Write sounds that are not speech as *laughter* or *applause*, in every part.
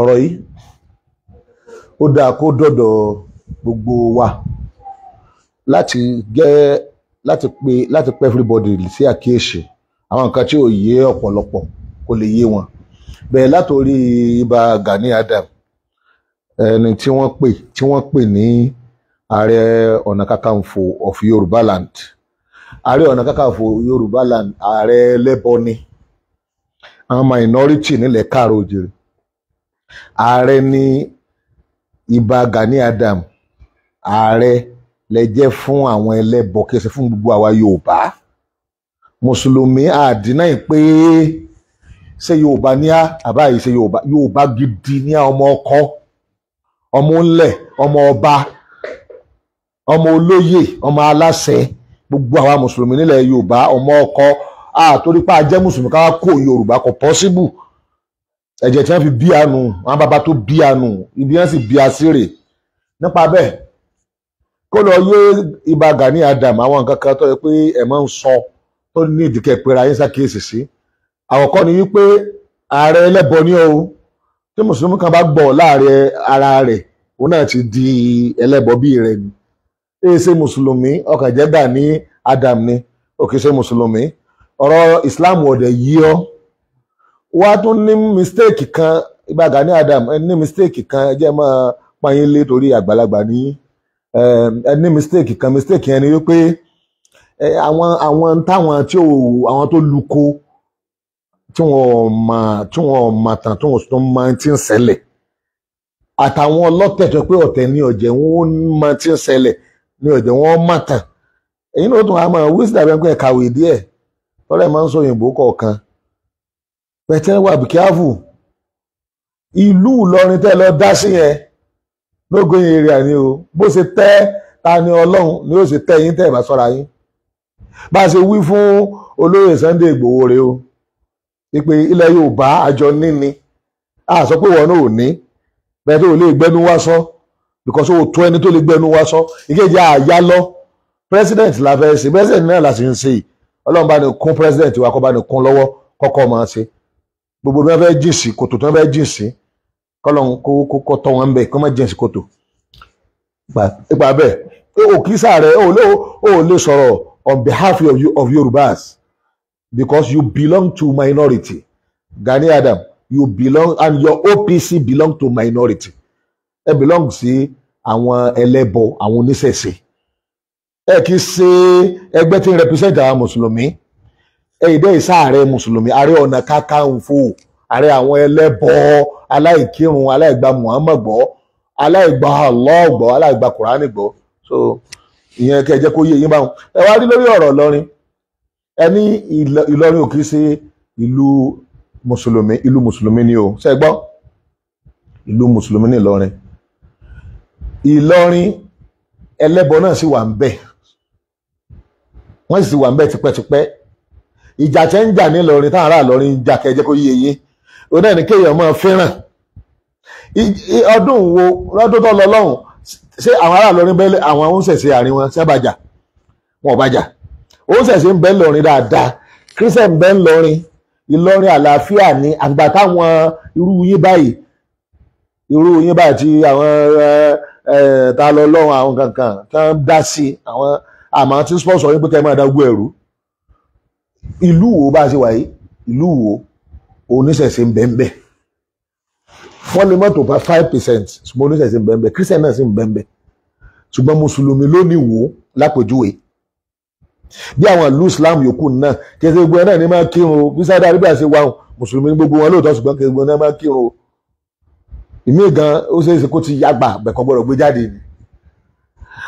ọ̀rọ̀ yìí ó dáa kó dọ̀dọ̀ gbogbo wa láti gẹ́ láti pe láti pe everybody sí àkíyèsí àwọn nǹkan tí ò yé ọ̀pọ̀lọpọ̀ kó lè yé wọn bẹ̀rẹ̀ látòrí ibà Gani Adam ẹni tí wọ́n pè tí wọ́n pè ní ààrẹ ọ̀nà kakanfò of Yorùbá land ààrẹ ọ̀nà kakanfò Yorùbá land ààrẹ ẹlẹ́bọ ni àwọn minority nílẹ̀ káàró òjèrè ààrẹ ni ibà Gani Adam ààrẹ lẹ jẹ́ fún àwọn ẹlẹ́bọ kí ẹ ṣe fún gbogbo àwa Yorùbá mùsùlùmí àdínà yìí pé ṣé Yorùbá ní àbá yìí ṣe Yorùbá Yorùbá gidi ní ọmọ ọkọ ọmọ ńlẹ̀ ọmọ ọba ọmọ olóyè ọmọ aláṣẹ gbogbo àwa mùsùlùmí nílẹ̀ Yorùbá ọmọ ọkọ àtòrípà jẹ́ mùsùlùmí káwá kó Yorùbá kò pọ́síbù ẹ̀jẹ̀ tí wọ́n fi bí àánú àwọn bàbá tó bí àánú ibi wọ́n sì bí àṣírè nípa bẹ́ẹ̀ kó lọ yé Ìbà Gani Adam àwọn nǹkan kan tó yẹ pé ẹ̀ máa ń sọ tó ní ìdíkẹ́ pera yín ṣàkíyèsí sí àkọ́kọ́ ni wípé ààrẹ ẹlẹ́bọ ní o tí mùsùlùmí kan bá gbọ́ láàrẹ ara rẹ̀ òun náà ti di ẹlẹ́bọ bíi rẹ̀ ni èyí ṣe mùsùlùmí ọkàn jẹ́ Gani Adam ni òkè ṣe mùsùlùmí ọ̀rọ̀ ìsìláàmù ọ̀dẹ̀ yí ọ́ wá tún ní mistake kan Ìbà ní Adam ẹ ní mistake kan ẹ jẹ́ máa pààyàn lé torí àgbàlagbà ní ẹ ní mistake kan mistake yẹn ni wípé àwọn àwọn táwọn tí ò àwọn tó luko tí wọn mà tí wọn mà tán tí wọn tún máa ti ń àtàwọn ọlọ́tẹ̀ tó pé ní wọn máa ti ń ní wọn mà tán èyí tún kàwé máa ń sọ òyìnbó kọọkan. pẹ̀tẹ́ wà bí kíáfù ìlú Ìlọrin tẹ́ lọ dá sí yẹn lógún èrè àní o bó ṣe tẹ́ ta ni Ọlọ́run ni ó ṣe tẹ́ yín tẹ́ ìbá sọ́ra yín bá a ṣe wí fún olóyè Sunday Ìgbòho rèé o ìpè ilẹ̀ Yorùbá àjọ níní a sọ pé wọn ò ní bẹ́ẹ̀ tó lè gbẹ́nu wá sọ because o tó ẹni tó lè gbẹ́nu wá sọ ìkejì àyà lọ president la fẹ́ ṣe president náà la sì ń ṣe Ọlọ́run bá ní kún president wa kó bá ní kún lọ́wọ́ kọ́kọ́ máa ṣe gbogbo bí wọ́n fẹ́ jìn sí kòtò tí wọ́n fẹ́ jìn sí kọ́lọ́hún kó kó tọ́ wọn bẹ́ẹ̀ kó má jìn sí kòtò. ipa bẹ́ẹ̀ òkísà rẹ̀ ò lè sọ̀rọ̀ on behalf of, you, of Yorubas because you belong to minority Gani Adam you belong and your OPC belong to minority ẹ belong sí àwọn ẹlẹ́bọ àwọn oníṣẹ̀ṣe ẹ kì í ṣe ẹgbẹ́ tí ń represent àwọn mùsùlùmí ẹ̀yìn dẹ́ ìsáàrẹ̀ mùsùlùmí ààrẹ ọ̀nà kakanfò ààrẹ àwọn ẹlẹ́bọ aláìkírun aláìgbà muhammed gbọ́ aláìgbà Allah gbọ́ aláìgbà kùránì gbọ́ so ìyẹn kẹ́ ẹ jẹ́ kó yé yín báwọn ẹ wá rí lórí ọ̀rọ̀ ìlọrin ẹ ìlọrin ò kì í ṣe ìlú mùsùlùmí ìlú mùsùlùmí ni o ṣe gbọ́ ìlú mùsùlùmí ní ìlọrin ìlọrin ẹlẹ́bọ náà sì wà ń bẹ̀ wọ́n sì wà ń bẹ̀ tipẹ́tipẹ́ ìjà tẹ́ ń jà nílọrin táwọn ará Ìlọrin ń jà kẹjẹ kó yé yín òun náà ní kéèyàn máa fẹ́ràn ọdún wo lọ́dún tó lọ lọ́hùn ṣé àwọn ará Ìlọrin bẹ́ẹ̀ àwọn oúnṣẹ̀ṣẹ̀ àárín wọn ṣé bàjà wọn ò bàjà oúnṣẹ̀ṣẹ̀ ń bẹ́ẹ̀ lọ́rin dáadáa Christian bẹ́ẹ̀ lọ́rin Ìlọrin àlàáfíà ni àgbà táwọn irú yín báyìí irú yín báyìí tí àwọn ta lọ lọ́hùn àwọn kankan tán dá sí àwọn àmọ́ tí sponsor ìlú wo bá a ṣe wà yìí ìlú wo oníṣẹ̀ṣe ń bẹ́ńbẹ́ wọ́n lè mọ́tò pa five percent ṣùgbọ́n oníṣẹ̀ṣe ń bẹ́ńbẹ́ christian náà sì ń bẹ́ńbẹ́ ṣùgbọ́n mùsùlùmí ló ní wò lápèjúwe bí àwọn ìlú islam yòókù náà kẹsẹ gbogbo ẹ náà ní máa kírun o bí sáadà arábíà ṣe wà mùsùlùmí ní gbogbo wọn lóòótọ́ ṣùgbọ́n kẹsẹ gbogbo náà máa kírun o ìmí gan ó ṣeé ṣe kó ti yàgbà bẹ̀kọ́ gbọ́dọ̀ gbé jáde ni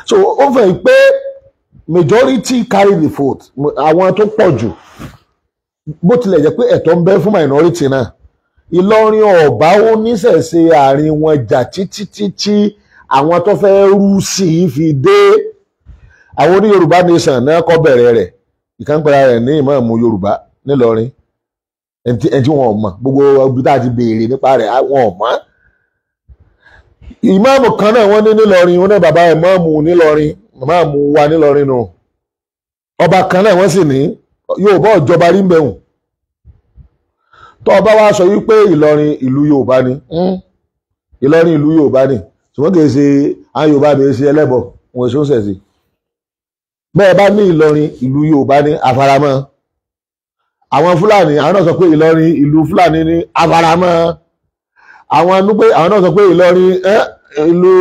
so ó fẹ́ pé majority carry the vote àwọn tó pọ̀ jù bó tilẹ̀ jẹ́ pé ẹ̀tọ́ ń bẹ fún minority náà Ìlọrin ọ̀bá ó níṣẹ̀ṣe àárín wọn jà títí títí àwọn tó fẹ́ rú sí i fi dé àwọn oní Yorùbá nation náà kọ́ bẹ̀rẹ̀ rẹ̀ ìkànpẹ̀ra rẹ̀ ní ìmọ̀ọ́mù Yorùbá nílọrin ẹni tí wọn ò mọ̀ gbogbo ibi tá a ti béèrè nípa rẹ̀ wọn ò mọ̀ ìmọ̀ọ́mù kan náà wọ́n ní nílọrin wọn náà bàbá ìmọ̀ọ́mù nílọrin màmá mu wa nílọrin nù ọba kan náà wọ́n sì ní Yorùbá ọ̀jọba rí mbẹ̀hùn tó ọba wa sọ wípé Ìlọrin ìlú Yorùbá ni hmm, Ìlọrin ìlú Yorùbá ni ṣùgbọ́n kì í ṣe àwọn Yorùbá mi ṣe ẹlẹ́bọ wọn ṣe ń ṣẹ̀ṣẹ̀ bẹ́ẹ̀ bá ní Ìlọrin ìlú Yorùbá ni àfaramọ́ àwọn Fúlàní àwọn náà sọ pé Ìlọrin ìlú Fúlàní ni àfaramọ́ àwọn pé àwọn náà sọ pé Ìlọrin ẹ́ ìlú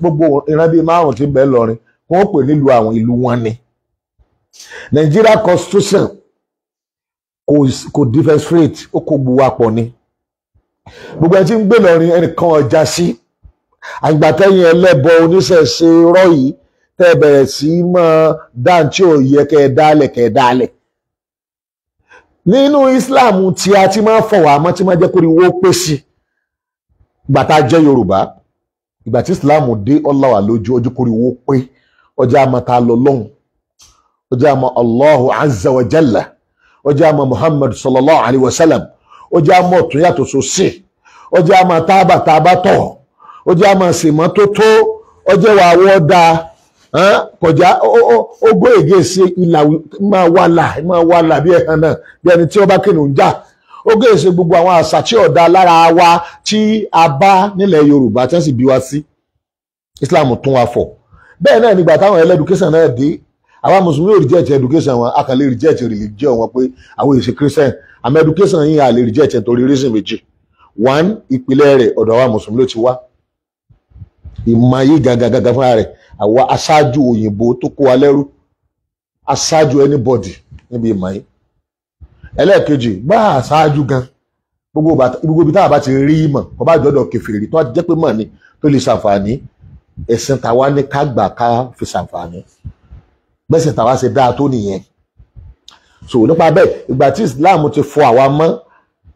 gbogbo ìran bíi márùn tí ń bẹ lọrin wọn pè nílùú àwọn ìlú wọn ni Nigeria constitution kò kò differentiate ó kò gbowó apọ̀ ni gbogbo ẹ ti ń gbé lọrin ẹnìkan ọjà sí àgbàtẹ́yìn ẹlẹ́bọ oníṣẹ̀ṣe rọ́ yìí tẹ́ bẹ̀rẹ̀ sí mọ́ dáńtí ò yẹ kẹ́ ẹ dálẹ̀ kẹ́ nínú Islam tí a ti máa fọwọ́ àmọ́ tí máa jẹ́ kórìí wó pèsè gbàtà jẹ́ Yorùbá ìgbà tí Islam dé ọláwà lójú ojú kórè owó pé ọjà àmọ́ ta lọ lọ́hùn ọjà àmọ́ Allahu azza wa jalla ọjà àmọ́ Muhammad sallallahu alayhi wa sallam ọjà àmọ́ ọ̀tún yàtọ̀ sósì ọjà àmọ́ tábà tábà tọ̀ ọjà àmọ́ sèmọ́ tó tó ọjà wà wọ́ da kọjá ogó ègé ṣe ìlà máa wà là bí ẹ̀hán náà bí ẹni tí ọba kìnnìún já ó gé èsè gbogbo àwọn àṣà tí ọ̀dà lára wa tí a bá nílẹ̀ Yorùbá tí wọ́n sì bí wa sí Islam tún wa fọ̀ bẹ́ẹ̀ náà nígbà táwọn ẹlẹ́dùkẹ́sàn náà dé àwa mùsùlùmí ò reject education wọn a kàn lè reject religion wọn pé àwọn èsì Christian àmọ́ education yìí a lè reject nítorí reason méjì one ìpìlẹ̀ rẹ̀ ọ̀dọ̀ àwa mùsùlùmí ló ti wá ìmọ̀ yìí gangan fúnra rẹ̀ àwa aṣáájú òyìnbó tó kó wa lẹ́rú aṣáájú anybody níbi ìmọ̀ yìí ẹlẹ́ẹ̀kejì bá a ṣáájú gan gbogbo ibi tá a bá ti rí mọ̀ kó bá jọ́dọ̀ kẹfìrì tó jẹ́ pé mọ̀ ni tó lè ṣàǹfààní ẹ̀sìn tàwa ní ká gbà ká fi ṣàǹfààní gbẹ̀sìn tàwa ṣe dáa tó nìyẹn so nípa bẹ́ẹ̀ ìgbà tí Islam ti fọ àwa mọ́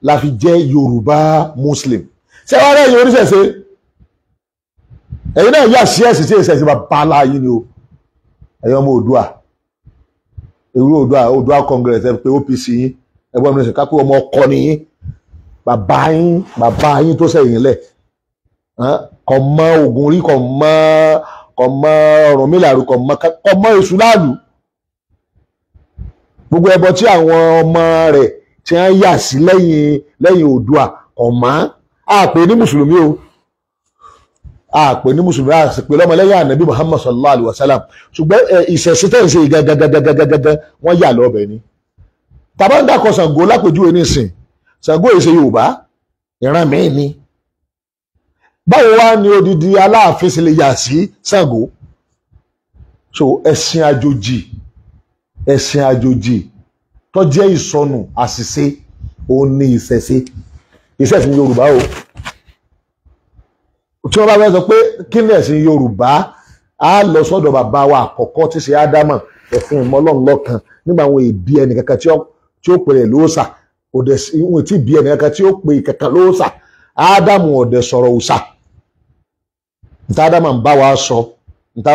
la fi jẹ́ Yorùbá Muslim ṣé wàá rẹ̀ yín oníṣẹ̀ṣe ẹ̀yin náà yà sí ẹ̀sìn tí ìṣẹ̀ṣe bá bá láàyè ni o ẹ̀yin ọmọ Oòduà èrú Oòduà Oòduà Congress ẹ pé OPC yín ẹ̀gbọ́n mi sìn kápẹ́ ọmọ ọkọ nìyí bàbá yín bàbá yín tó sẹ́yìn lẹ̀ kò mọ ogun rí kò mọ kò mọ ọrùn mi làrú kò mọ kò mọ èṣù láàlú gbogbo ẹbọ tí àwọn ọmọ rẹ̀ tí wọ́n yà sí lẹ́yìn lẹ́yìn Oòduà kò mọ àpè ní mùsùlùmí o àpè ní mùsùlùmí àpè lọ́mọlẹ́yìn ànábì Muhammad sallallahu alayhi wa sallam ṣùgbọ́n ìṣẹ̀sí tẹ̀ ń wọ́n yà lọ́bẹ̀ ni tàbá ń dàkọ Ṣàngó lápèjúwe nísìn Ṣàngó èsè Yorùbá ìran míì ni báwo wá ni odidi Aláàfin sì lè yà sí Ṣàngó so ẹ̀sìn àjòjì ẹ̀sìn àjòjì tó jẹ́ ìsọnù àṣìṣe òun ni ìṣẹ̀ṣe ìṣẹ̀sìn Yorùbá o tí wọ́n bá fẹ́ sọ pé kí ni ẹ̀sìn Yorùbá á lọ sọ́dọ̀ bàbá wa àkọ́kọ́ tí ṣe Ádámọ̀ ẹ̀sìn ìmọ̀lọ́nlọ́kan nígbà àwọn èbí ẹnìkankan tí wọ́n tí ó pèrè lóòsà òdẹ ìwọn tí bí ẹnìkan tí ó pè kankan lóòsà ádámù ọ̀dẹ sọ̀rọ̀ òòsà níta ádámù sọ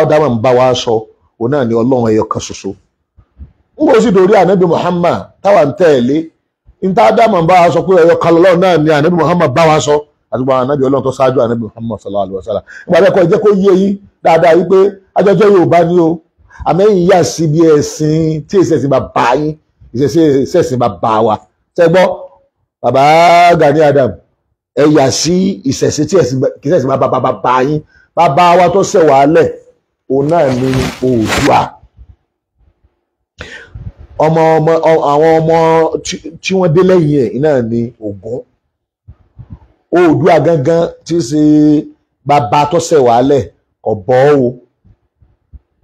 ádámù ń bá wa sọ òun náà ni ọlọ́run kan ṣoṣo ànábì Muhammad táwa ń tẹ̀lé sọ pé kan náà Muhammad bá wa sọ àtúgbò ànábì ọlọ́run tó ṣáájú Muhammad sọlá àmẹ́yìn yà síbi ẹ̀sìn tí èsì ẹ̀sìn ìṣẹ̀ṣe ìṣẹ̀sìn bàbá wa tẹ́gbọ́ bàbá Gani Adam ẹ sí ìṣẹ̀ṣe tí ìṣẹ̀sìn bàbá bàbá yín bàbá wa tó ṣẹ̀ wá lẹ̀ òun náà ni Oòduà ọmọ ọmọ àwọn ọmọ tí wọ́n dé lẹ́yìn ẹ̀ náà ni Ògún Oòduà gangan tí í ṣe bàbá tó ṣẹ̀ wá lẹ̀ ọ̀bọ o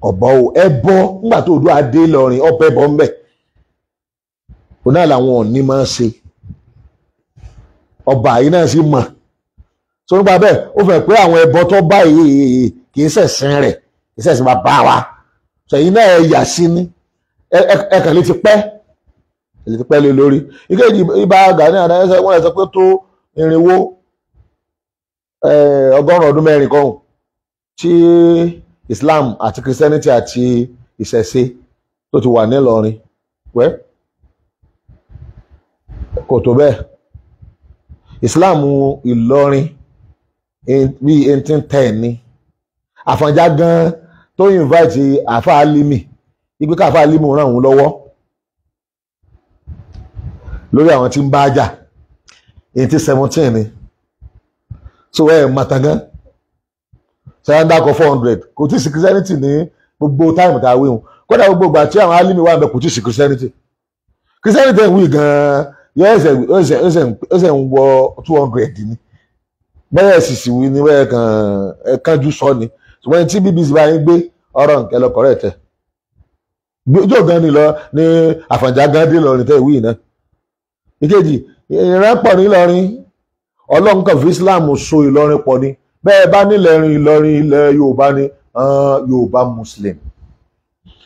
ọ̀bọ o ẹ bọ́ nígbà tó Oòduà dé lọ́rin ọbẹ̀ bọ́ ń òun náà làwọn òní máa ń ṣe ọba yìí náà sì mọ̀ tó nípa bẹ́ẹ̀ ó fẹ́ pé àwọn ẹbọ tó bá yìí kì í ṣẹ̀sìn rẹ̀ kì í ṣẹ̀sìn bàbá wa sẹ̀yìn náà ẹ yà sí ni ẹ kàn lè ti pẹ́ ẹ lè ti pẹ́ lé lórí ìkéjì ibà Gani Adams wọ́n sọ pé tó irinwó ọgọ́rùn ọdún mẹ́rin kan tí Islam àti Christianity àti ìṣẹ̀ṣe tó ti wà nílọrin wẹ́ẹ́ kò tó bẹ́ẹ̀ Islam Ìlọrin bíi eighteen ten ni Àfọ̀njá gan tó invite àfa alimi ipe káfa alimi ràn òun lọ́wọ́ lórí àwọn tí ń bá jà eighteen seventeen ni so ẹ ẹ̀ gan sẹ́yìndà kọ four hundred kò tí sí Christianity ní gbogbo táìmù tá a wéhùn kódà gbogbo ìgbà tí àwọn alimi wà ń bẹ kò tí Christianity Christianity wí gan-an yọ ẹsẹ̀ ẹsẹ̀ ẹsẹ̀ ẹsẹ̀ ń wọ two hundred ni bẹ́ẹ̀ sìsì wí ni bẹ́ẹ̀ kàn ẹ̀ kánjú sọ ni ṣùgbọ́n tí BBC bá yín gbé ọ̀rọ̀ nǹkan lọ kọ̀rẹ́ tẹ̀ gbẹjọ gan ni lọ ní Àfọ̀njá gan dé lọrin tẹ ìwé iná ìkejì ìran pọ̀ nílọrin Ọlọ́run kan fi Islam so Ìlọrin pọ̀ ni bẹ́ẹ̀ bá nílẹ̀rin Ìlọrin ilẹ̀ Yorùbá ni Yorùbá Muslim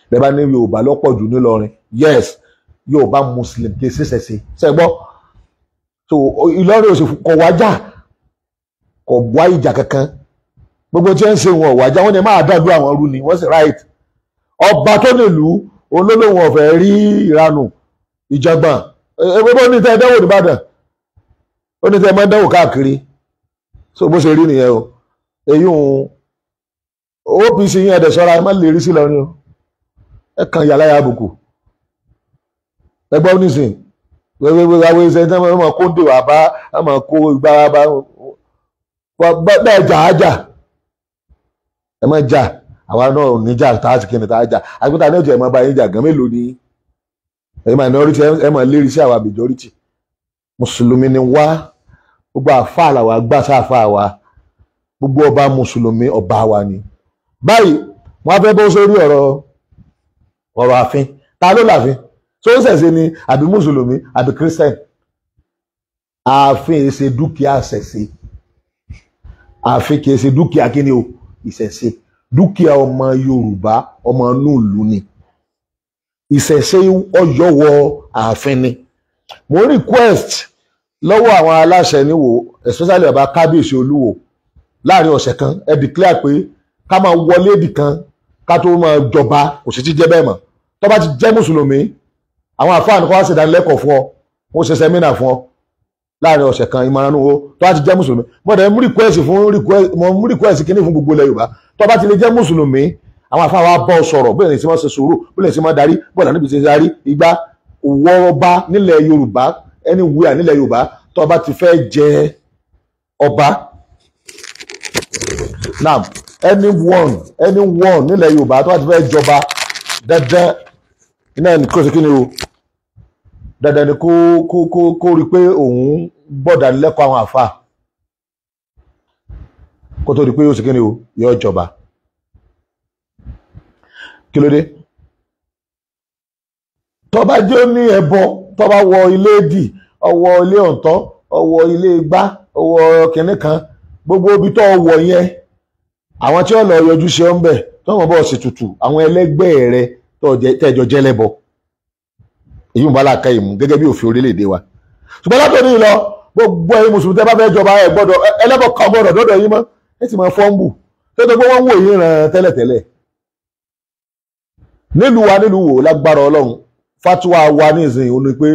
bẹ́ẹ̀ bá ní Yorùbá lọ́pọ̀ jù nílọrin yes yorùbá muslim kì í ṣe ṣẹṣe ṣẹgbọ́ so ìlọrin òsì kò wájà kò wá ìjà kankan gbogbo tí wọ́n ń ṣe wọn wájà wọ́n ní máa dàgbà àwọn ọrú ni wọ́n sì right ọba tó nílùú olólùwọ̀n ọ̀fẹ́ rí ìranù ìjọgbọ̀n gbogbo ní tẹ́ dẹ́wò nìbàdàn ó ní tẹ́ máa ń dẹ́wò káàkiri so bó ṣe rí nìyẹn o èyí òun OPC yín ẹ̀dẹ̀ sọ́ra ẹ má lè rí sí lọ́rin o ẹ kàn yàrá yà àbùkù ẹgbọ́n nísìn wẹ́wẹ́wẹ́ àwọn ẹsẹ̀ ní ọmọ kó ń dèwà bá ọmọ kó ìgbára bá bẹ́ẹ̀ jà á jà ẹ má jà àwa náà níjà tá a sì kíni tá a jà àgbẹ̀tà náà jẹ́ ẹ má bá yín jà gan mélòó ni ẹ minority ẹ má lérí sí àwa majority mùsùlùmí ni wá gbogbo àfa àlàwà gbàtà àfa àwa gbogbo ọba mùsùlùmí ọba wa ni báyìí wọn fẹ́ bọ́ sórí ọ̀rọ̀ ọ̀rọ̀ àfin ta ló láfin. So ń ṣẹ̀ṣẹ̀ ni àbí mùsùlùmí àbí christian ààfin èsè dúkìá ṣẹ̀ṣẹ̀ ààfin kìí ṣe dúkìá kíni o ìṣẹ̀ṣe dúkìá ọmọ yorùbá ọmọ nùlù ni ìṣẹ̀ṣe ọ̀yọ́ wọ ààfin ni mo request lọ́wọ́ àwọn aláṣẹ níwò especially ọba kábíyèsí olúwo láàrin ọ̀sẹ̀ kan ẹ declare pé ká máa wọlé ibì kan ká tó máa jọba kò sì ti jẹ́ bẹ́ẹ̀ mọ́ tó bá ti jẹ́ mùsùlùmí àwọn àfáàní kó wá ṣe ìdánilẹ́kọ̀ọ́ fún ọ wọ́n ṣe sẹ́mínà fún ọ láàrin ọ̀sẹ̀ kan ìmọ̀ràn owó tó bá ti jẹ́ mùsùlùmí mo dẹ̀ mú rìkwẹ́sì fún mú rìkwẹ́sì kíní fún gbogbo ilẹ̀ Yorùbá tó bá ti lè jẹ́ mùsùlùmí àwọn àfáà wa bọ́ sọ̀rọ̀ bóyá ìsìn máa ṣe sùúrù bóyá ìsìn máa darí bóyá níbi ìsìn darí igba wọ́ọ́ba nílẹ̀ Yorùbá anywhere nílẹ̀ Yorùbá tó bá ti fẹ́ jẹ ọba now anyone anyone nílẹ̀ Yorùbá tó bá ti fẹ́ jọba dandan iná ẹnì kúrò sí kíni o dandan ni kó kó kó kó rí i pé òun gbọ́dà lẹ́kọ̀ọ́ àwọn àfa kó tó rí i pé yóò sì kíni o yóò jọba kí ló dé tó bá jẹ́ ní ẹbọ tó bá wọ ilé dì ọwọ́ ilé ọ̀tọ́ ọwọ́ ilé igbá ọwọ́ kìnní kan gbogbo ibi tó wọ̀ yẹn àwọn tí ó lọ yọjú ṣe ń bẹ̀ tó wọ́n bọ̀ sí àwọn ẹlẹ́gbẹ́ rẹ tẹ̀jọ jẹ́lẹ́bọ̀ èyí ń bá làákà ìmú gẹ́gẹ́ bí òfin orílẹ̀-èdè wa ṣùgbọ́n látòní lọ gbogbo ẹ̀yin mùsùlùmí tẹ́ bá fẹ́ jọba ẹ̀ gbọ́dọ̀ ẹlẹ́bọ̀ kan gbọ́dọ̀ dọ́dọ̀ yín mọ́ ẹ sì máa fọ́ǹbù tó tó gbé wọ́n ń wò yín ràn tẹ́lẹ̀tẹ́lẹ̀ nílùú wa nílùú wò lágbára ọlọ́run fatuwa wa ní ìsìn òun ni pé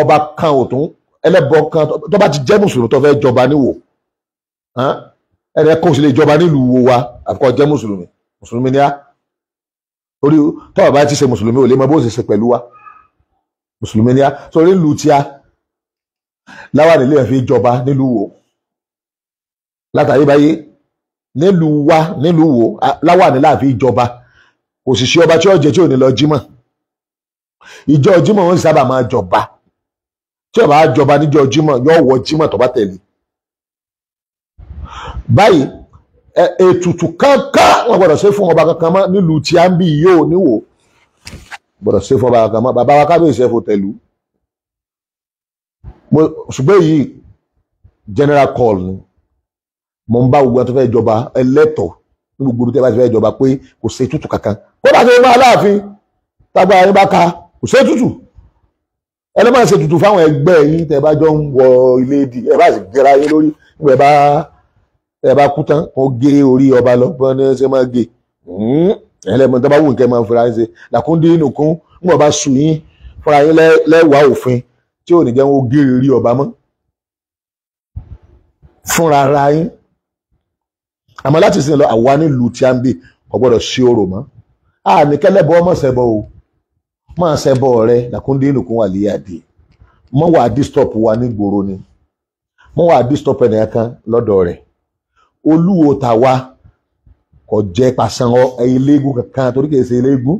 ọba kan ò tún ẹlẹ́bọ kan tó ti jẹ́ mùsùlùmí tó fẹ́ jọba níwò ẹ̀rẹ́ kò sì jọba nílùú wa àkọ́ jẹ́ mùsùlùmí mùsùlùmí ni á torí tọ́wọ́ bá ti ṣe mùsùlùmí ò lè mọ bó ṣe ṣe pẹ̀lú wa mùsùlùmí ni a sọrí ìlú tíá láwàní ilé ẹ̀fín jọba nílùú wo látàyébáyé nílùú wa nílùú wo láwàní láàfin ìjọba òṣìṣẹ́ ọba tí ó jẹ tí ò ní lọ jímọ̀ ìjọ jímọ̀ wọn sábà máa jọba tí ọba jọba níjọ jímọ̀ yóò wọ jímọ̀ tó bá tẹ̀lé báyìí e, ètùtù kankan wọn gbọ́dọ̀ ṣe fún ọba kankan mọ́ nílùú tíá ń bí yóò níwò gbọ́dọ̀ ṣe fún bàbá kan bàbá wa kábíyèsí ẹ̀fọ́ mo ṣùgbọ́n èyí general call ni mo ń bá gbogbo àti fẹ́ jọba ẹlẹ́tọ̀ ní gbogbo ibi tí a bá ti fẹ́ jọba pé kò ṣe tútù kankan kódà tó ń bá aláàfin tágbà yín bá ka kò ṣe tútù ẹni máa ṣe tútù fáwọn ẹgbẹ́ yín tẹ́ bá jọ ń wọ ilé di ẹ bá sì gẹra yín lórí ẹ bá ẹ bá kú tán kó gé orí ọba lọ bí wọ́n ṣe máa gé. Hmm ẹ̀hẹ́lẹ́ mọ tó bá wù kẹ́ máa fura ṣe làkúndín inú kún ń bọ̀ bá sùn yín fúnra yín lẹ́wàá òfin tí ò ní jẹ́ wọn gèrè rí ọba mọ́ fúnra ara yín àmọ́ láti sin lọ àwa nílùú tí a ń bì kò gbọ́dọ̀ ṣe orò mọ́ àmì kẹlẹ́bọ ọmọ ṣẹbọ o máa ṣẹbọ rẹ làkúndín inú kún wà lè àdè mọ́ wà á distop wa nígboro ni mọ́ wà á distop ẹnìkan kò jẹ́ pàṣán eléégún kankan torí kìí ṣe eléégún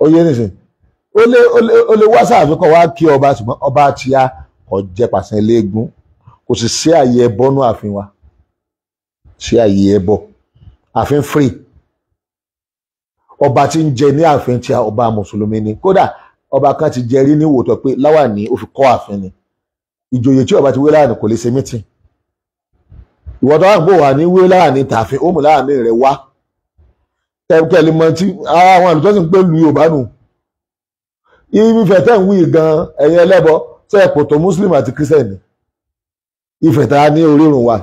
ó yé nìsín ó lé ó lé wásaàfin kan wá kí ọba ṣùgbọ́n ọba àtìyá kò jẹ́ pàṣán eléégún kò sì sí àyè ẹbọ nú wa sí àyè ẹbọ ààfin free ọba tí ń jẹ ní ààfin tí ọba mùsùlùmí ni kódà ọba kan ti jẹ rí ní wòtọ́ pé láwà ní ó kọ́ ààfin ni ìjòyè tí ọba ti wé láàánú kò lè ṣe mítìn ìwọ́n tó wà pò wà ní wé láàrin tààfin ó mú láàrin rẹ̀ wá kẹ̀kẹ́lì mọ tí ara àwọn àlùtọ́sìn pé lu yorùbá nù ìfẹ́ tẹ̀ ń wí gan ẹ̀yin ẹlẹ́bọ tẹ́ ẹ̀pọ̀ tó muslim àti kírísítẹ̀nì ìfẹ́ tá a ní orírun wa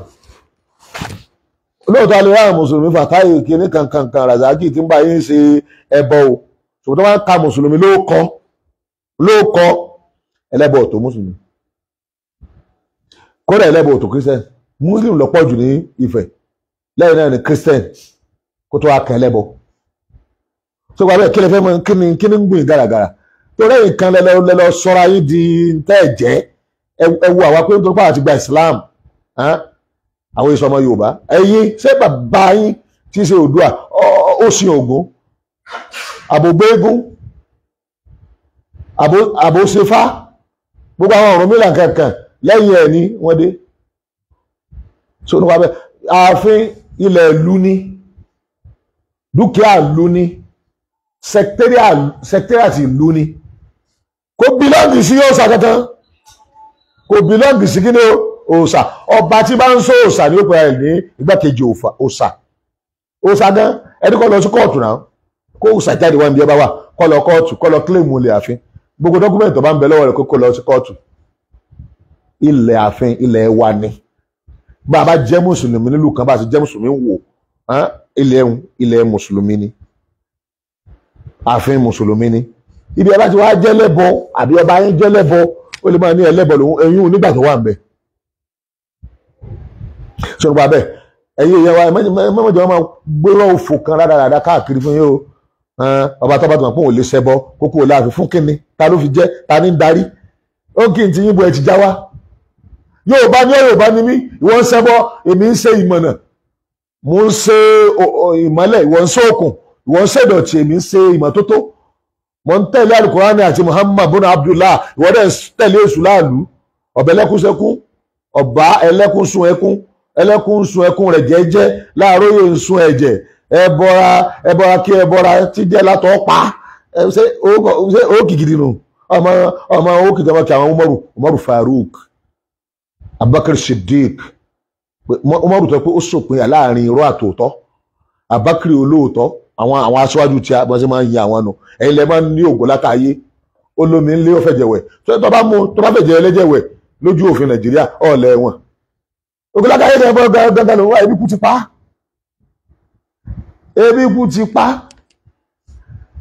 lóòótọ́ lè ráàrùn mùsùlùmí fàtáyé kìíní kankankan razaki tí ń bá yín ṣe ẹbọ o ṣùgbọ́n tó máa ń ka mùsùlùmí ló kọ́ ló tó mùsùlùmí kódà ẹlẹ́bọ tó kírísítẹ̀nì muslim lọ pọ̀ jù ní Ifẹ̀ lẹ́yìn náà ni christian kó tó wá kàn lẹ́bọ tó wà bẹ́ẹ̀ kí lè fẹ́ mọ kí ni kí ni ń gbìn gàràgàrà tó lẹ́yìn kan lẹ́lọ́ sọ́ra yín di tẹ́ jẹ́ ẹ wo àwa pé nítorí pàrọ̀ àti gba Islam àwọn èso ọmọ Yorùbá ẹ̀yin ṣé bàbá yín tí í ṣe Oòduà ó sin Ògún àbògbéégún àbòṣefá gbogbo àwọn ọ̀rùn mílà kankan lẹ́yìn ẹ̀ ni wọ́n dé so nípa bẹ́ẹ̀ ààfin ilẹ̀ ìlú ni dúkìá ìlú ni sẹkítẹ́rìàtì ìlú ni kò bílọ́ǹgì sí òòṣà kankan kò bílọ́ǹgì sí kíni òòṣà ọba tí bá ń sọ òòṣà ní òpin ẹ̀ ní igbákejì òòṣà òòṣà náà ẹni kọ́ lọ sí kóòtù náà kó òòṣà jáde wá níbi ẹ bá wà kọ́ lọ kóòtù kọ́ lọ kílèmù ilẹ̀ ààfin gbogbo dọ́kúmẹ̀ntì tó ń bẹ lọ́wọ́ rẹ̀ kó kó lọ sí kóòtù ilẹ̀ ààfin ilẹ̀ wa ni bá a bá jẹ́ mùsùlùmí nílùú kan bá a ti jẹ́ mùsùlùmí wò ilẹ̀ ilẹ̀ mùsùlùmí ni ààfin mùsùlùmí ni ibi ọba ti wá jẹ́ lẹ́bọ àbí ọba yẹn jẹ́ lẹ́bọ ó lè máa ní ẹlẹ́bọ lòun ẹ̀yin ò nígbà tó wà ń bẹ̀ sọ̀rọ̀ bàbẹ̀ ẹ̀yin ìyẹn wa mẹ́mọ́jọ́ máa gbérò òfò kan rádaràda káàkiri fún yín o ọba tó bá tó máa pọ̀ òun lè ṣẹbọ kókó láàfin fún kínni ta ló fi jẹ́ ta ní darí ó kí n ti yín bo ẹ̀ ti já wá Yorùbá ní Yorùbá ni mí ìwọ ń ṣẹbọ èmi ń ṣe ìmọ̀nà mo ń ṣe ìmọ́lẹ̀ ìwọ ń ṣe òkun ìwọ ń ṣe ìdọ̀tí èmi ń ṣe ìmọ́tótó mo ń tẹ̀lé alukurani àti Muhammad bin Abdullah ìwọ dẹ̀ ń tẹ̀lé èṣù láàlú ọ̀bẹ lẹ́kúnṣẹ́kún ọ̀bá ẹlẹ́kúnṣun ẹkún ẹlẹ́kúnṣun ẹkún rẹ̀ jẹ́jẹ́ láàárọ̀ yóò ń sun ẹ̀jẹ̀ ẹbọra ẹbọra kí ẹbọra ti jẹ́ látọ̀ pa ṣé ó Umaru Umaru Farouk abubakar siddiq umaru tó pé ó sòpin yà láàrin irọ́ àtòótọ́ abubakar olóòótọ́ àwọn àwọn aṣáájú tí a bá ṣe máa ń yin àwọn nù ẹ̀yin lẹ máa ń ní ògbó látàyè olómi ńlé ó fẹ̀jẹ̀wẹ̀ tó bá mú tó bá fẹ̀jẹ̀ ẹlẹ́jẹ̀wẹ̀ lójú òfin nàìjíríà ọ̀ọ́lẹ̀ wọn ògbó látàyè náà bọ́ gangan lòun wá ebi kú ti pa ebi kú ti pa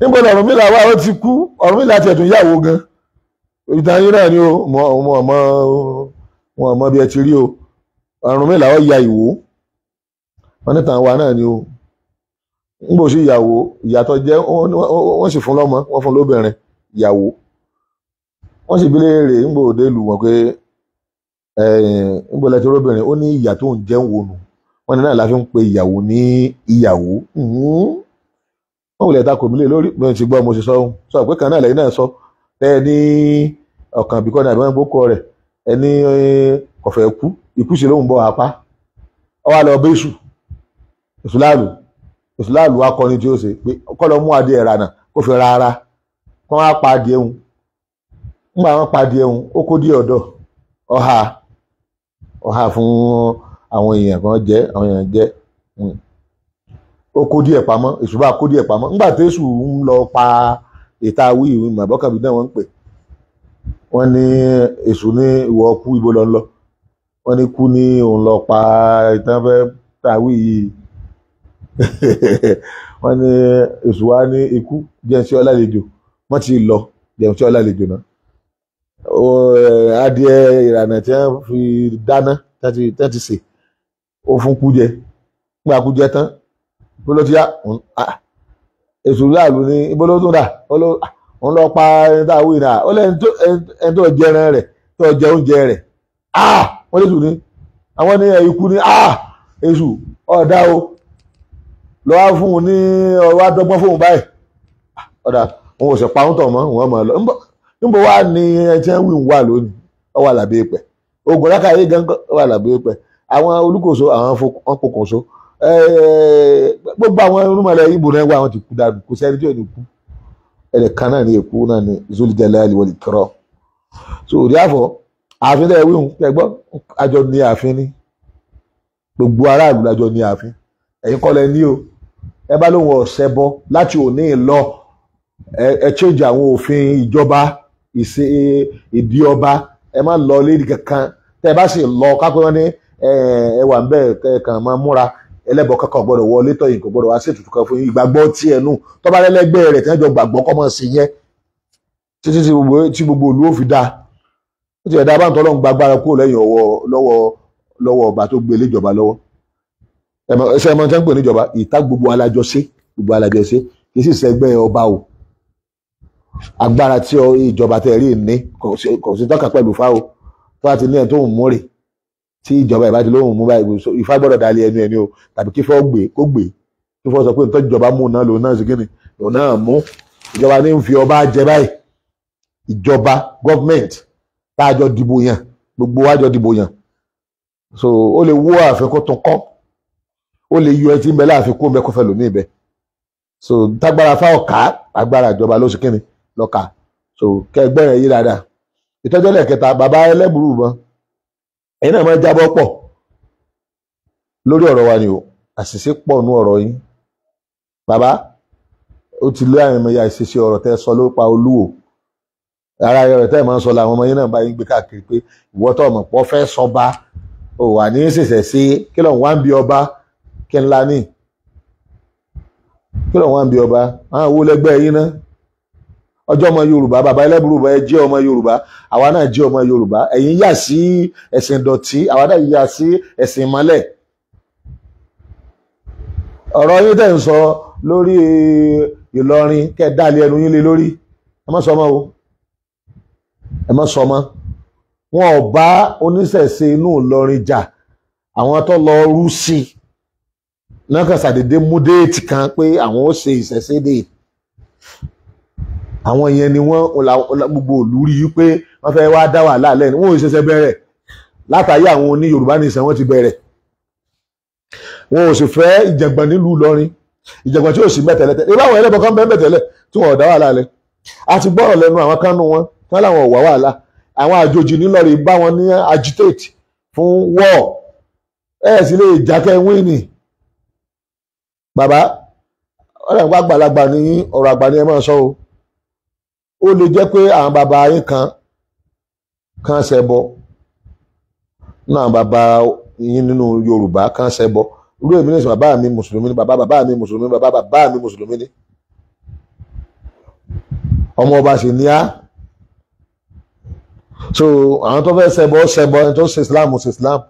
níbo ni Ọ̀rúnmìlà wà ó ti kú Ọ̀rúnmìlà tiẹ̀ tún yàwó gan ìtàn yín náà ni ó mọ̀ ọ̀mọ̀ wọn ò mọ bí ẹ ti rí o àrùn mélòó ọ ya ìwò wọn ní tàn wá náà ni o nígbò sí ìyàwó ìyàtọ̀ jẹ́ wọ́n sì fún lọ́mọ wọ́n fún lóbìnrin ìyàwó wọ́n sì bílẹ̀ rè nígbò òde lù wọ́n pé nígbò lẹ́tí lóbìnrin ó ní ìyà tó ń jẹ́ wọ́n ní náà ń pe ìyàwó ní ìyàwó wọ́n wùlẹ̀ ta mílẹ̀ lórí ti gbọ́ mo ṣe sọ sọ pé kan náà lẹ́yìn náà sọ ẹ ní àbí wọ́n rẹ̀ ẹni kọ̀fẹ́ kú ikú ṣe lóun bọ́ apá ọwọ́ àlọ́ ọbẹ̀ èṣù èṣù láàlú èṣù láàlú akọni tí ó ṣe pé kọ́ lọ mú adìẹ rà náà kó fi ra ara kọ́ wá pa adìẹ ń nígbà wọn pa adìẹ ń ó kó díẹ̀ ọ̀dọ̀ ọ̀hà ọ̀hà fún àwọn èèyàn kan jẹ́ àwọn èèyàn jẹ́ hmm. ó kó díẹ̀ pamọ́ èṣù kó díẹ̀ pamọ́ nígbà tí ń lọ pa ìta wíìwì màbọ́kàbí náà wọ́n ń pè é wọ́n ní èṣù ní ìwọ kú ibo lọ lọ wọ́n ní kú ní òun lọ pa ìtàn fẹ́ tàwí yìí *laughs* wọ́n ní èṣù wa ní ikú jẹ́nsí ọlálejò wọ́n ti lọ jẹ́nsí ọlálejò náà eh, adìẹ ìrànà tí wọ́n fi dáná tí wọ́n ti sè ó fún kú jẹ nígbà tán bó ló láàlú ní ibo ló òun lọ pa ẹni tá a wí náà ó lẹ́ni tó jẹ ẹran rẹ̀ tó jẹ oúnjẹ rẹ̀ ah wọ́n lè sùn ní àwọn ní ikú ní ah èṣù ọ̀dà o lọ́ wá fún un ní ọwọ́ àdọ́gbọ́n fóun báyìí ọ̀dà ah! òun ò sì pa òun tọ̀ mọ́ òun ọmọ lọ níbo wá ní ẹtí ẹ̀ wà lónìí ọ wà lábẹ́ ìpẹ́ ogun lákàáyé gan wà lábẹ́ ìpẹ́ àwọn olùkóso àwọn fokùnso gbogbo àwọn irúnmọ̀lẹ̀ ibùdó ẹgbẹ́ àwọn ti kú dànù kò sẹ́ni tí ò ní kú ẹnìkan náà ni èkó náà ní zuljalali wal ikram so therefore ààfin tẹ́ ẹ wíhun ẹgbọ́ àjọ ní ààfin ní gbogbo aráàlú lájọ ní ààfin ẹ̀yin kọ́ lẹ ní o ẹ bá lóun ọ̀sẹ̀ bọ́ láti òní lọ ẹ change àwọn òfin ìjọba ìṣe ìdí ọba ẹ má lọ lédi kankan tẹ́ ẹ bá sì lọ kápẹ́ wọn ní ẹ wà ń bẹ́ẹ̀ kàn máa múra ẹlẹ́bọ̀ kankan gbọ́dọ̀ wọlé tọ̀yìn kò gbọ́dọ̀ wá sí ètùtù kan fún yín ìgbàgbọ́ tí ẹnu tó bá lẹ́lẹ́gbẹ́ rẹ̀ tí wọ́n jọ gbàgbọ́ kọ́ mọ́ sí yẹn títí tí gbogbo olú ò fi dáa ó ti ẹ̀dá abáǹtọ́ lọ́n gbàgbára kúrò lẹ́yìn ọwọ́ lọ́wọ́ lọ́wọ́ ọba tó gbé léjọba lọ́wọ́ ẹsẹ̀ ẹ̀mọ́ tí ń pè níjọba ìta gbogbo alájọṣe gbogbo alájọṣe kì í sì sẹ́gbẹ́ ọba o agbára tí ìjọba tẹ̀ rí ní kò sí tọ́ka pẹ̀lú fáwo tó bá ní ẹ̀ tó ń múre tí ìjọba ìbá ti lóhùn mú báyìí Ifá gbọ́dọ̀ dalẹ ẹnu ẹni o tàbí kí fọ gbé kó gbé kí fọ sọ pé nǹkan ìjọba mú náà lòun náà sí kíni lòun náà mú ìjọba ní ń fi ọba jẹ báyìí ìjọba gọọmenti tá a jọ dìbò yàn gbogbo wa jọ dìbò yàn so ó lè wó àfikún tó kọ ó lè yọ ẹtí ńbẹ láàfikún ńbẹ kọfẹ lòmíì bẹ so tágbára fáwọn ká agbára ìjọba ló sì kíni lọ ká so kẹgbẹrẹ yí dáadáa ìtọ́jọ́lẹ̀ kẹta bàbá ẹlẹ́bùrú mọ́ ẹ̀yin náà máa jábọ́ pọ̀ lórí ọ̀rọ̀ wa ni o àṣìṣe pọ̀ nú ọ̀rọ̀ yín bàbá o ti lé àwọn ẹ̀mẹ̀yà ìṣiṣẹ́ ọ̀rọ̀ tẹ́ sọ ló pa olúwo ara ẹ̀rọ tẹ́ ẹ̀ máa ń sọ làwọn ọmọ yín náà bá yín gbé káàkiri pé ìwọ tó ọmọ pọ̀ fẹ́ sọba ò wà ní ṣẹ̀ṣẹ̀ sí kí lóun wá ń bi ọba kí ńlá ní kí lóun wá ń bi ọba àwọn owó lẹ́gbẹ́ yín náà ọjọ́ ọmọ yorùbá bàbá ẹlẹ́bùrú ẹ jẹ́ ọmọ yorùbá àwa náà jẹ́ ọmọ yorùbá ẹ̀yin yà sí ẹ̀sìn dọ̀tí àwa náà yà sí ẹ̀sìn ìmọ́lẹ̀ ọ̀rọ̀ yín tẹ̀ ń sọ lórí ìlọrin kẹ́ ẹ̀ dálé ẹnu yín lé lórí ẹ má sọ ọmọ o ẹ má sọ wọn ò bá oníṣẹ̀ṣe inú ìlọrin jà àwọn tó lọ rú sí i náà kàn ṣàdédé mú déètì kan pé àwọn ó ṣe ìṣẹ̀ṣe déètì àwọn yẹn ni wọ́n gbogbo òlú rí i pé wọ́n fẹ́ wá dá wàhálà lẹ́nu wọn ò ṣẹ̀ṣẹ̀ bẹ̀rẹ̀ látàrí àwọn oní Yorùbá nìṣẹ́ wọ́n ti bẹ̀rẹ̀ wọn ò sì fẹ́ ìjàngbọ̀n nílùú Ìlọrin ìjàngbọ̀n tí ò sí mẹ́tẹ̀lẹ́tẹ̀ ìbá àwọn ẹlẹ́bọ̀ kan bẹ́ẹ̀ mẹ́tẹ̀lẹ́ tí wọn ò dá wàhálà lẹ̀ a ti gbọ́rọ̀ lẹ́nu àwọn kan nù wọn tán láwọn ò wá wàhálà àwọn àjòjì nílọrin bá wọn ní agitate fún war ẹ sì lè jákẹ́ wíìnì bàbá ọ̀rẹ́ àgbàlagbà ní ọ̀rọ̀ àgbà ni ẹ máa sọ o ó lè jẹ́ pé àwọn bàbá yín kan kan ṣẹbọ nínú àwọn bàbá yín nínú Yorùbá kan ṣẹbọ irú èmi nìsín bàbá mi mùsùlùmí ni bàbá bàbá mi mùsùlùmí bàbá bàbá mi mùsùlùmí ni ọmọ ọba sì ní á so àwọn tó fẹ́ ṣẹbọ ṣẹbọ ẹni tó ṣe Islam ṣe Islam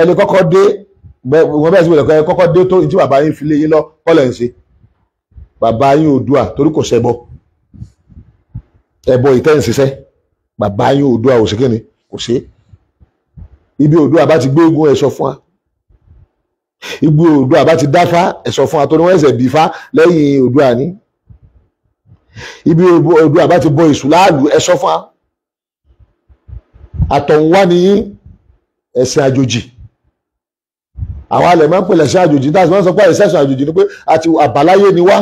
ẹni kọ́kọ́ dé wọ́n bẹ̀rẹ̀ sí ìwé ẹ̀kọ́ ẹni kọ́kọ́ dé tó ní tí bàbá yín fi lé yín lọ kọ́lẹ̀ ń ṣe bàbá yín Oòduà torí kò ṣẹbọ ẹbọ ìtẹ́ǹsíṣẹ́ bàbá yín Oòduà ò sí kíni kò sí ibi Oòduà bá ti gbé eégún ẹ̀ sọ fún wa ibi Oòduà bá ti dáfá ẹ̀ sọ fún wa tó ní wọ́n ẹ̀sẹ̀ bí fá lẹ́yìn Oòduà ní ibi Oòduà bá ti bọ èṣù láàlú ẹ̀ sọ fún wa àtọ̀húnwá ni yín ẹ̀sìn àjòjì àwọn alẹ̀ máa ń pèlẹ̀ sí àjòjì dáhùn sọ pé ẹ̀sìn àjòjì ni pé àti àbáláyé ni wá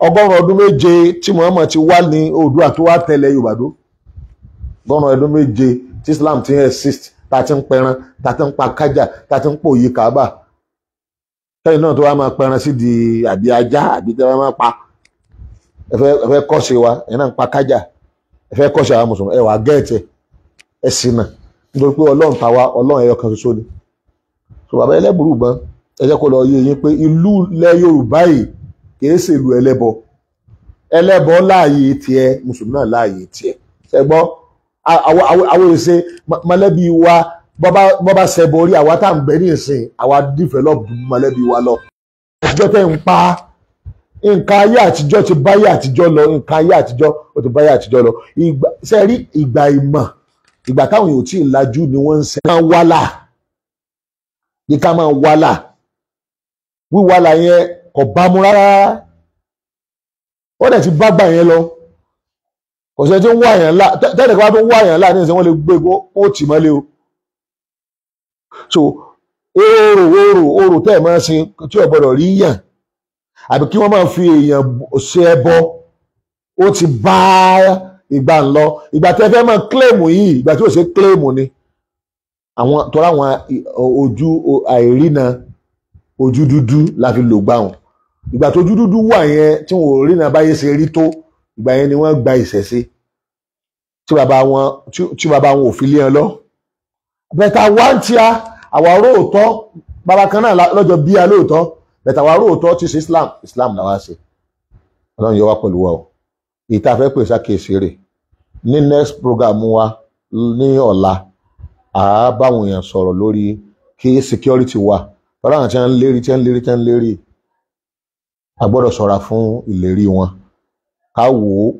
ọgọ́rùn ọdún méje tí Muhammad ti wá ní Oòduà tó wá tẹ̀lé Yorùbá dó ọgọ́rùn ọdún méje tí Islam ti ń exist ta ti ń pẹran ta ti ń pa kájà ta ti ń pòyì kábà tẹ́yìn náà tó wá máa pẹran sí di àbí ajá àbí tẹ́ wá máa pa ẹ fẹ́ kọ́ṣe wa ẹ náà ń pa kájà ẹ fẹ́ kọ́ṣe àwọn mùsùlùmí ẹ wà gẹ́ẹ̀tẹ̀ ẹ sì nà nítorí pé Ọlọ́run tàwa Ọlọ́run ẹyọ kan ṣoṣo ni so bàbá ẹlẹ́bùrú gan ẹ jẹ́ kó kìí ṣèlú ẹlẹ́bọ ẹlẹ́bọ láàyè tiẹ̀ mùsùlùmí náà láàyè tiẹ̀ ṣẹgbọ́ àwọn èsè mọ̀lẹ́bí wa bọ́bá ṣẹbọ orí àwa tá à ń bẹ ní ìsìn àwa dìfẹ́lọ́pù mọ̀lẹ́bí wa lọ. àtijọ́ tẹ̀ ń pa nǹkan ayé àtijọ́ ti báyé àtijọ́ lọ nǹkan ayé àtijọ́ ó ti báyé àtijọ́ lọ ṣe rí ìgbà ìmọ̀ ìgbà táwọn èèyàn tí ì lajú ni wọ́n ń ṣe. ká wálà ní ká máa wálà wíwálà yẹn kò bá mu rárá ó dẹ̀ ti bá gbà yẹn lọ kò sẹ́ni tí ń wá yẹn lá, tẹ́lẹ̀ kan bá tó ń wá yẹn ńlá ní ìsìn wọn lè gbé ó tì mọ́lé o so oòrò oòrò oòrò tẹ́ ẹ̀ máa sin tí ò gbọ́dọ̀ rí yàn àbí kí wọ́n máa fi èèyàn ṣe ẹbọ ó ti bá ìgbà ń lọ ìgbà tẹ́ fẹ́ máa kílèmù yìí ìgbà tí ò ṣe kílèmù ni àwọn tọ́ra àwọn ojú àìrínà ojú dúdú la fi lò gbà wọn ìgbà tó dúdú wà yẹn tí wọn ò rí náà báyé ṣe rí tó ìgbà yẹn ni wọ́n gba ìṣẹ̀ṣe tí bàbá wọn tí bàbá wọn ò fi lé wọn lọ bẹ̀tà wá ń tíya àwa róòtọ́ bàbá kan náà lọ́jọ́ bíya lóòtọ́ bẹ̀tà àwa róòtọ́ ti ṣe Islam Islam làwa ṣe ọlọ́run yọ wá pẹ̀lú wa o ìta fẹ́ pè sákèsí rè ní next program wa ní ọ̀la àá báwọn èèyàn sọ̀rọ̀ lórí kí security wà fọláhàn tí wọ́n ń lérí tí wọ́n ń lérí tí ń lérí a gbọ́dọ̀ ṣọ́ra fún ìlérí wọn ká wò ó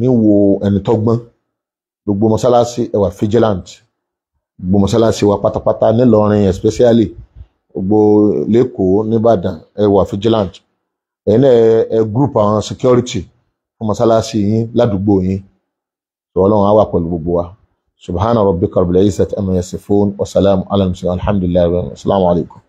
níwò ẹni tọ́gbọ́n gbogbo mọ́sálásí ẹ wà vigilant gbogbo mọ́sálásí wa pátápátá nílọrin especially gbogbo lẹ́kọ̀ọ́ nìbàdàn ẹ wà vigilant ẹ̀yin náà ẹ group àwọn security fún mọ́sálásí yín ládùúgbò yín ọlọ́run á wà pẹ̀lú gbogbo wa subhana rabbika rabbil izzati amma yasifun wa salamu ala mursalin alhamdulillahi wa salaamu alaykum.